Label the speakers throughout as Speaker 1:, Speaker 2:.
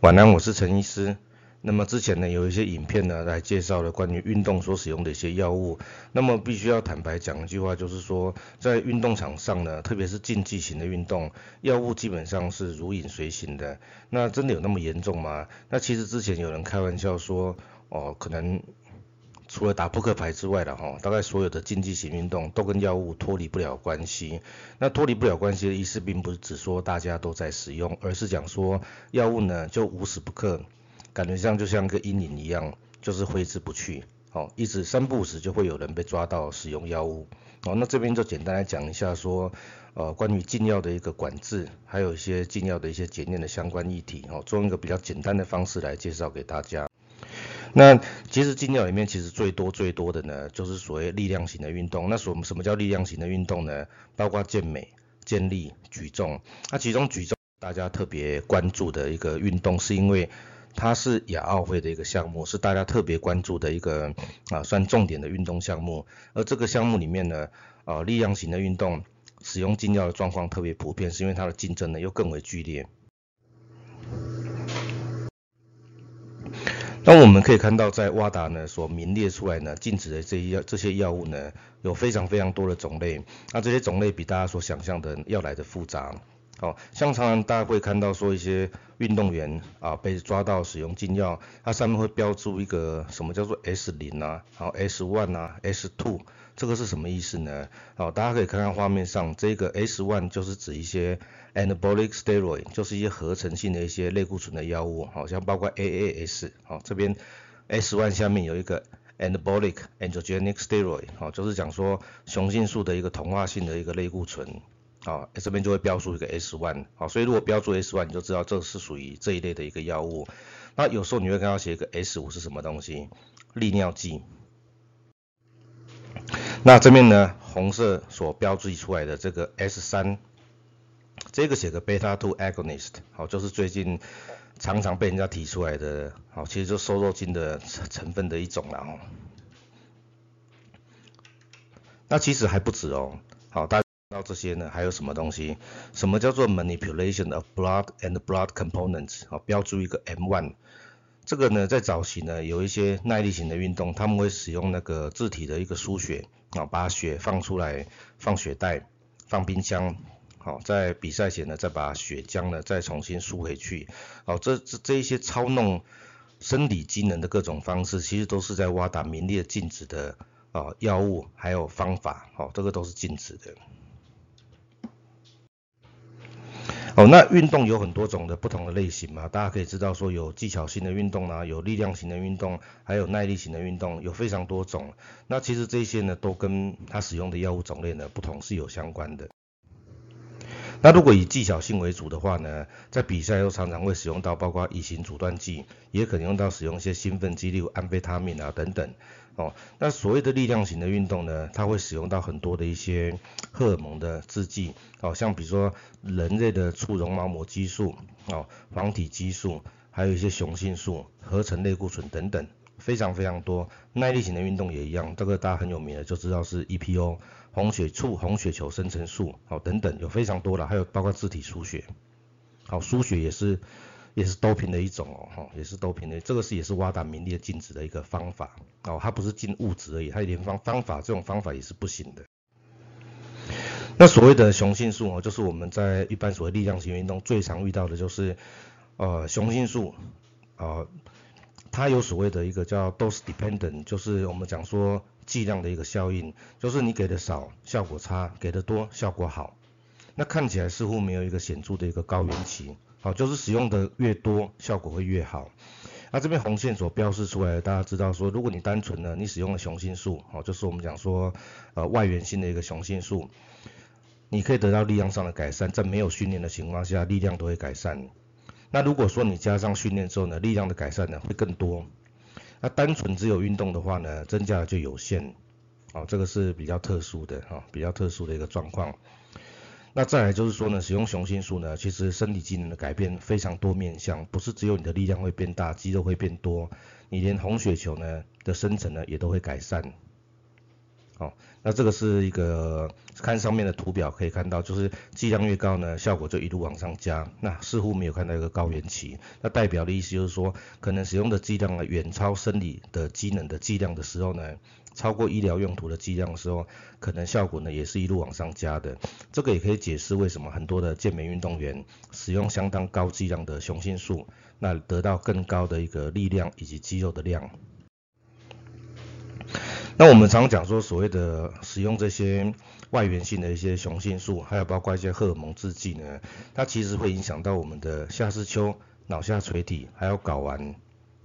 Speaker 1: 晚安，我是陳醫師。那麼之前呢，有一些影片呢來介紹了關於運動所使用的一些藥物。那麼必須要坦白講一句話，就是說在運動場上呢，特別是競技型的運動，藥物基本上是如影隨形的。那真的有那麼嚴重嗎？那其實之前有人開玩笑說，哦、呃，可能。除了打撲克牌之外的哈，大概所有的競技型運動都跟藥物脫離不了關係。那脫離不了關係的意思，並不是指說大家都在使用，而是講說藥物呢就無時不刻，感覺像就像個陰影一樣，就是揮之不去。哦，一直三不五時就會有人被抓到使用藥物。哦，那這邊就簡單來講一下說，呃，關於禁藥的一個管制，還有一些禁藥的一些檢驗的相關議題。哦，做一個比較簡單的方式來介紹給大家。那其實禁藥裡面其實最多最多的呢，就是所謂力量型的運動。那所謂什麼叫力量型的運動呢？包括健美、健力、舉重。那、啊、其中舉重大家特別關注的一個運動，是因為它是亞奧會的一個項目，是大家特別關注的一個啊算重點的運動項目。而這個項目裡面呢，啊力量型的運動使用禁藥的狀況特別普遍，是因為它的競爭呢又更為劇烈。那我們可以看到，在《挖達》呢所名列出來呢禁止的這一藥這些藥物呢，有非常非常多的種類。那這些種類比大家所想象的要來得複雜。好、哦，像常常大家會看到說一些運動員啊被抓到使用禁藥，它上面會標注一個什麼叫做 S0 呢、啊？好、哦，S1 啊 s 2這個是什麼意思呢？好、哦，大家可以看看畫面上這個 S1 就是指一些 anabolic steroid，就是一些合成性的一些類固醇的藥物，好、哦，像包括 AAS、哦。好，這邊 S1 下面有一個 anabolic a n g r o g e n i c steroid，好、哦，就是講說雄性素的一個同化性的一個類固醇。啊，這邊就會標注一個 S1，好，所以如果標注 S1，你就知道這是屬於這一類的一個藥物。那有時候你會看到寫一個 S5 是什麼東西？利尿劑。那這邊呢，紅色所標記出來的這個 S3，這個寫個 beta2 agonist，好，Ag ist, 就是最近常常被人家提出來的，好，其實就瘦肉精的成分的一種啦。那其實還不止哦，好，大家。到這些呢，還有什麼東西？什麼叫做 manipulation of blood and blood components？好、哦，標注一個 M1。這個呢，在早期呢，有一些耐力型的運動，他們會使用那個自體的一個輸血，啊、哦，把血放出來，放血袋，放冰箱，好、哦，在比賽前呢，再把血漿呢，再重新輸回去。好、哦，這這這一些操弄生理機能的各種方式，其實都是在挖打明列禁止的啊、哦，藥物，還有方法，好、哦，這個都是禁止的。哦，那運動有很多種的不同的類型嘛，大家可以知道說有技巧性的運動啊，有力量型的運動，還有耐力型的運動，有非常多種。那其實這些呢，都跟他使用的藥物種類呢不同是有相關的。那如果以技巧性為主的話呢，在比賽又常常會使用到包括乙型阻斷劑，也可能用到使用一些興奮劑，例如安非他命啊等等。哦，那所謂的力量型的運動呢，它會使用到很多的一些荷爾蒙的製劑，好、哦、像比如說人類的促絨毛膜激素，哦，黃體激素，還有一些雄性素、合成類固醇等等，非常非常多。耐力型的運動也一樣，這個大家很有名的就知道是 EPO，紅血促紅血球生成素，哦，等等，有非常多的，還有包括自體輸血，好、哦，輸血也是。也是 doping 的一種哦，也是 doping 的。這個是也是 WADA 名列的禁止的一個方法哦，它不是禁物質而已，它連方方法這種方法也是不行的。那所謂的雄性素就是我們在一般所謂力量型運動最常遇到的就是呃雄性素啊，呃，它有所謂的一個叫 dose dependent，就是我們講說劑量的一個效應，就是你給的少效果差，給的多效果好，那看起來似乎沒有一個顯著的一個高原期。好，就是使用的越多，效果會越好。那這邊紅線所標示出來的，大家知道說，如果你單純的你使用了雄性素，哦，就是我們講說，呃，外源性的一個雄性素，你可以得到力量上的改善，在沒有訓練的情況下，力量都會改善。那如果說你加上訓練之後呢，力量的改善呢會更多。那單純只有運動的話呢，增加就有限。哦，這個是比較特殊的哈，哦，比較特殊的一個狀況。那再來就是說呢，使用雄性素呢，其實身體機能的改變非常多面向，不是只有你的力量會變大，肌肉會變多，你連紅血球呢的生成呢也都會改善。哦，那這個是一個看上面的圖表可以看到，就是劑量越高呢，效果就一路往上加。那似乎沒有看到一個高原期，那代表的意思就是說，可能使用的劑量呢遠超生理的機能的劑量的時候呢，超過醫療用途的劑量的時候，可能效果呢也是一路往上加的。這個也可以解釋為什麼很多的健美運動員使用相當高劑量的雄性素，那得到更高的一個力量以及肌肉的量。那我們常講說，所謂的使用這些外源性的一些雄性素，還有包括一些荷爾蒙製劑呢，它其實會影響到我們的下視丘、腦下垂體，還有睾丸。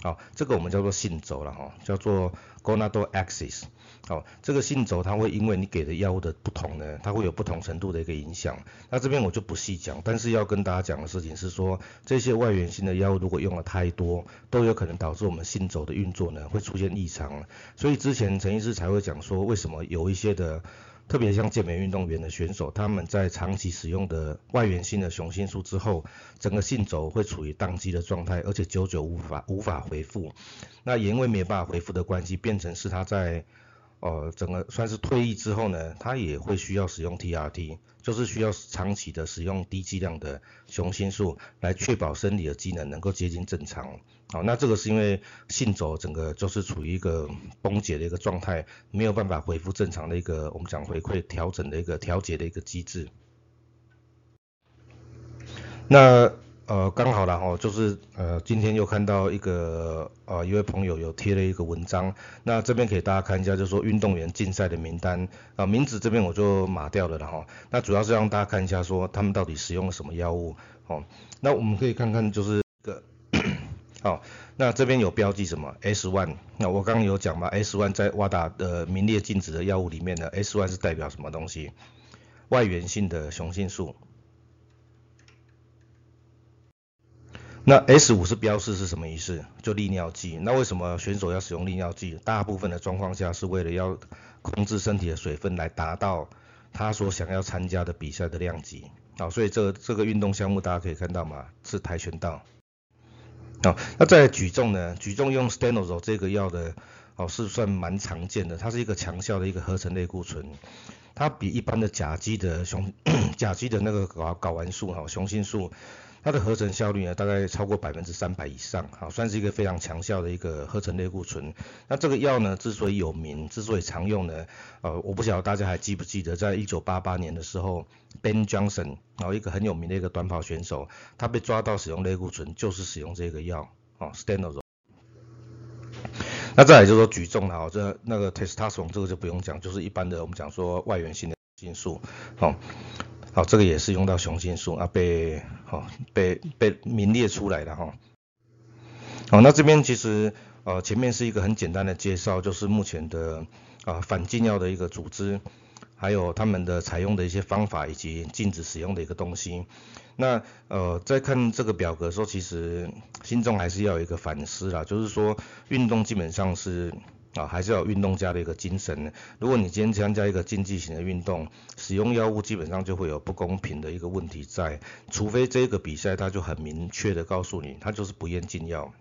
Speaker 1: 好，這個我們叫做性軸了哈，叫做 gonadal axis。好，這個性軸它會因為你給的藥物的不同呢，它會有不同程度的一個影響。那這邊我就不細講，但是要跟大家講的事情是說，這些外源性的藥物如果用了太多，都有可能導致我們性軸的運作呢會出現異常。所以之前陳醫師才會講說，為什麼有一些的。特別像健美運動員的選手，他們在長期使用的外源性的雄性素之後，整個性軸會處於宕機的狀態，而且久久無法無法恢復。那也因為沒辦法恢復的關係，變成是他在。哦，整個算是退役之後呢，他也會需要使用 T R T，就是需要長期的使用低劑量的雄性素來確保生理的機能能夠接近正常。好、哦，那這個是因為性軸整個就是處於一個崩解的一個狀態，沒有辦法回復正常的一個我們講回饋調整的一個調節的一個機制。那呃，剛好了哈，就是呃，今天又看到一個呃一位朋友有貼了一個文章，那這邊給大家看一下，就是說運動員禁賽的名單啊、呃，名字這邊我就碼掉了然後，那主要是讓大家看一下說他們到底使用了什麼藥物哦、呃，那我們可以看看就是一個好、呃，那這邊有標記什麼 S1，那我剛剛有講嘛，S1 在 WADA 的名列禁止的藥物裡面呢，S1 是代表什麼東西？外源性的雄性素。S 那 S 五是標示是什麼意思？就利尿劑。那為什麼選手要使用利尿劑？大部分的狀況下是為了要控制身體的水分，來達到他所想要參加的比賽的量級。好、哦，所以這這個運動項目大家可以看到嘛，是跆拳道。好、哦，那在舉重呢？舉重用 Stanozolol 這個藥的，哦，是算蠻常見的。它是一個強效的一個合成類固醇，它比一般的甲基的雄 甲基的那個睾睾丸素哈雄性素。它的合成效率呢，大概超過百分之三百以上，好，算是一個非常強效的一個合成類固醇。那這個藥呢，之所以有名，之所以常用呢，呃，我不曉得大家還記不記得，在一九八八年的時候，Ben Johnson，然、呃、後一個很有名的一個短跑選手，他被抓到使用類固醇，就是使用這個藥、呃、，Stanozolol 那再來就是說舉重的這、呃、那個 Testosterone 這個就不用講，就是一般的我們講說外源性的因素，呃好，這個也是用到雄性素啊被、喔，被好被被名列出來了哈。好，那這邊其實呃前面是一個很簡單的介紹，就是目前的啊、呃、反禁藥的一個組織，還有他們的採用的一些方法以及禁止使用的一個東西。那呃在看這個表格的時候，其實心中還是要有一個反思啦，就是說運動基本上是。啊、哦，還是要有運動家的一個精神。如果你今天參加一個競技型的運動，使用藥物基本上就會有不公平的一個問題在，除非這個比賽他就很明確的告訴你，他就是不驗禁藥。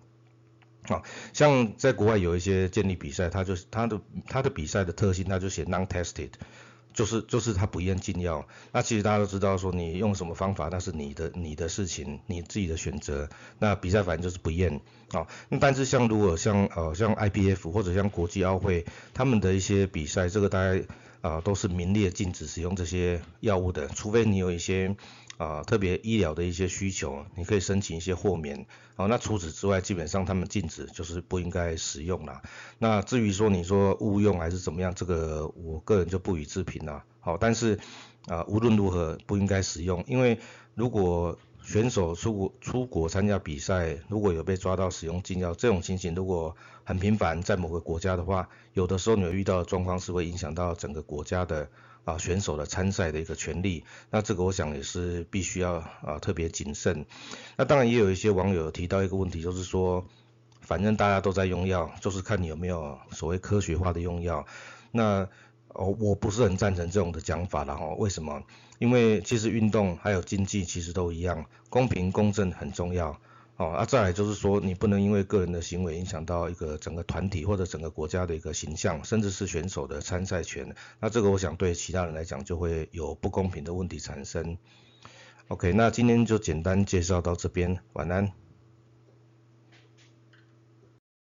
Speaker 1: 啊、哦，像在國外有一些建立比賽，他就他的他的比賽的特性它寫，他就寫 non-tested。就是就是他不驗禁藥，那其實大家都知道，說你用什麼方法，那是你的你的事情，你自己的選擇。那比賽反正就是不驗，啊、哦。那但是像如果像呃像 I P F 或者像國際奧會，他們的一些比賽，這個大概。啊、呃，都是明令禁止使用這些藥物的，除非你有一些啊、呃、特別醫療的一些需求，你可以申請一些豁免。好、呃，那除此之外，基本上他們禁止就是不應該使用了。那至於說你說誤用還是怎麼樣，這個我個人就不予置評了。好，但是啊、呃、無論如何不應該使用，因為如果選手出國出國參加比賽，如果有被抓到使用禁藥，這種情形，如果很頻繁在某個國家的話，有的時候你會遇到的狀況是會影響到整個國家的啊、呃、選手的參賽的一個權利，那這個我想也是必須要啊、呃、特別謹慎。那當然也有一些網友提到一個問題，就是說反正大家都在用藥，就是看你有沒有所謂科學化的用藥。那哦，我不是很贊成這種的講法了哦。為什麼？因為其實運動還有競技其實都一樣，公平公正很重要哦。那、啊、再來就是說，你不能因為個人的行為影響到一個整個團體或者整個國家的一個形象，甚至是選手的參賽權。那這個我想對其他人來講就會有不公平的問題產生。OK，那今天就簡單介紹到這邊，晚安。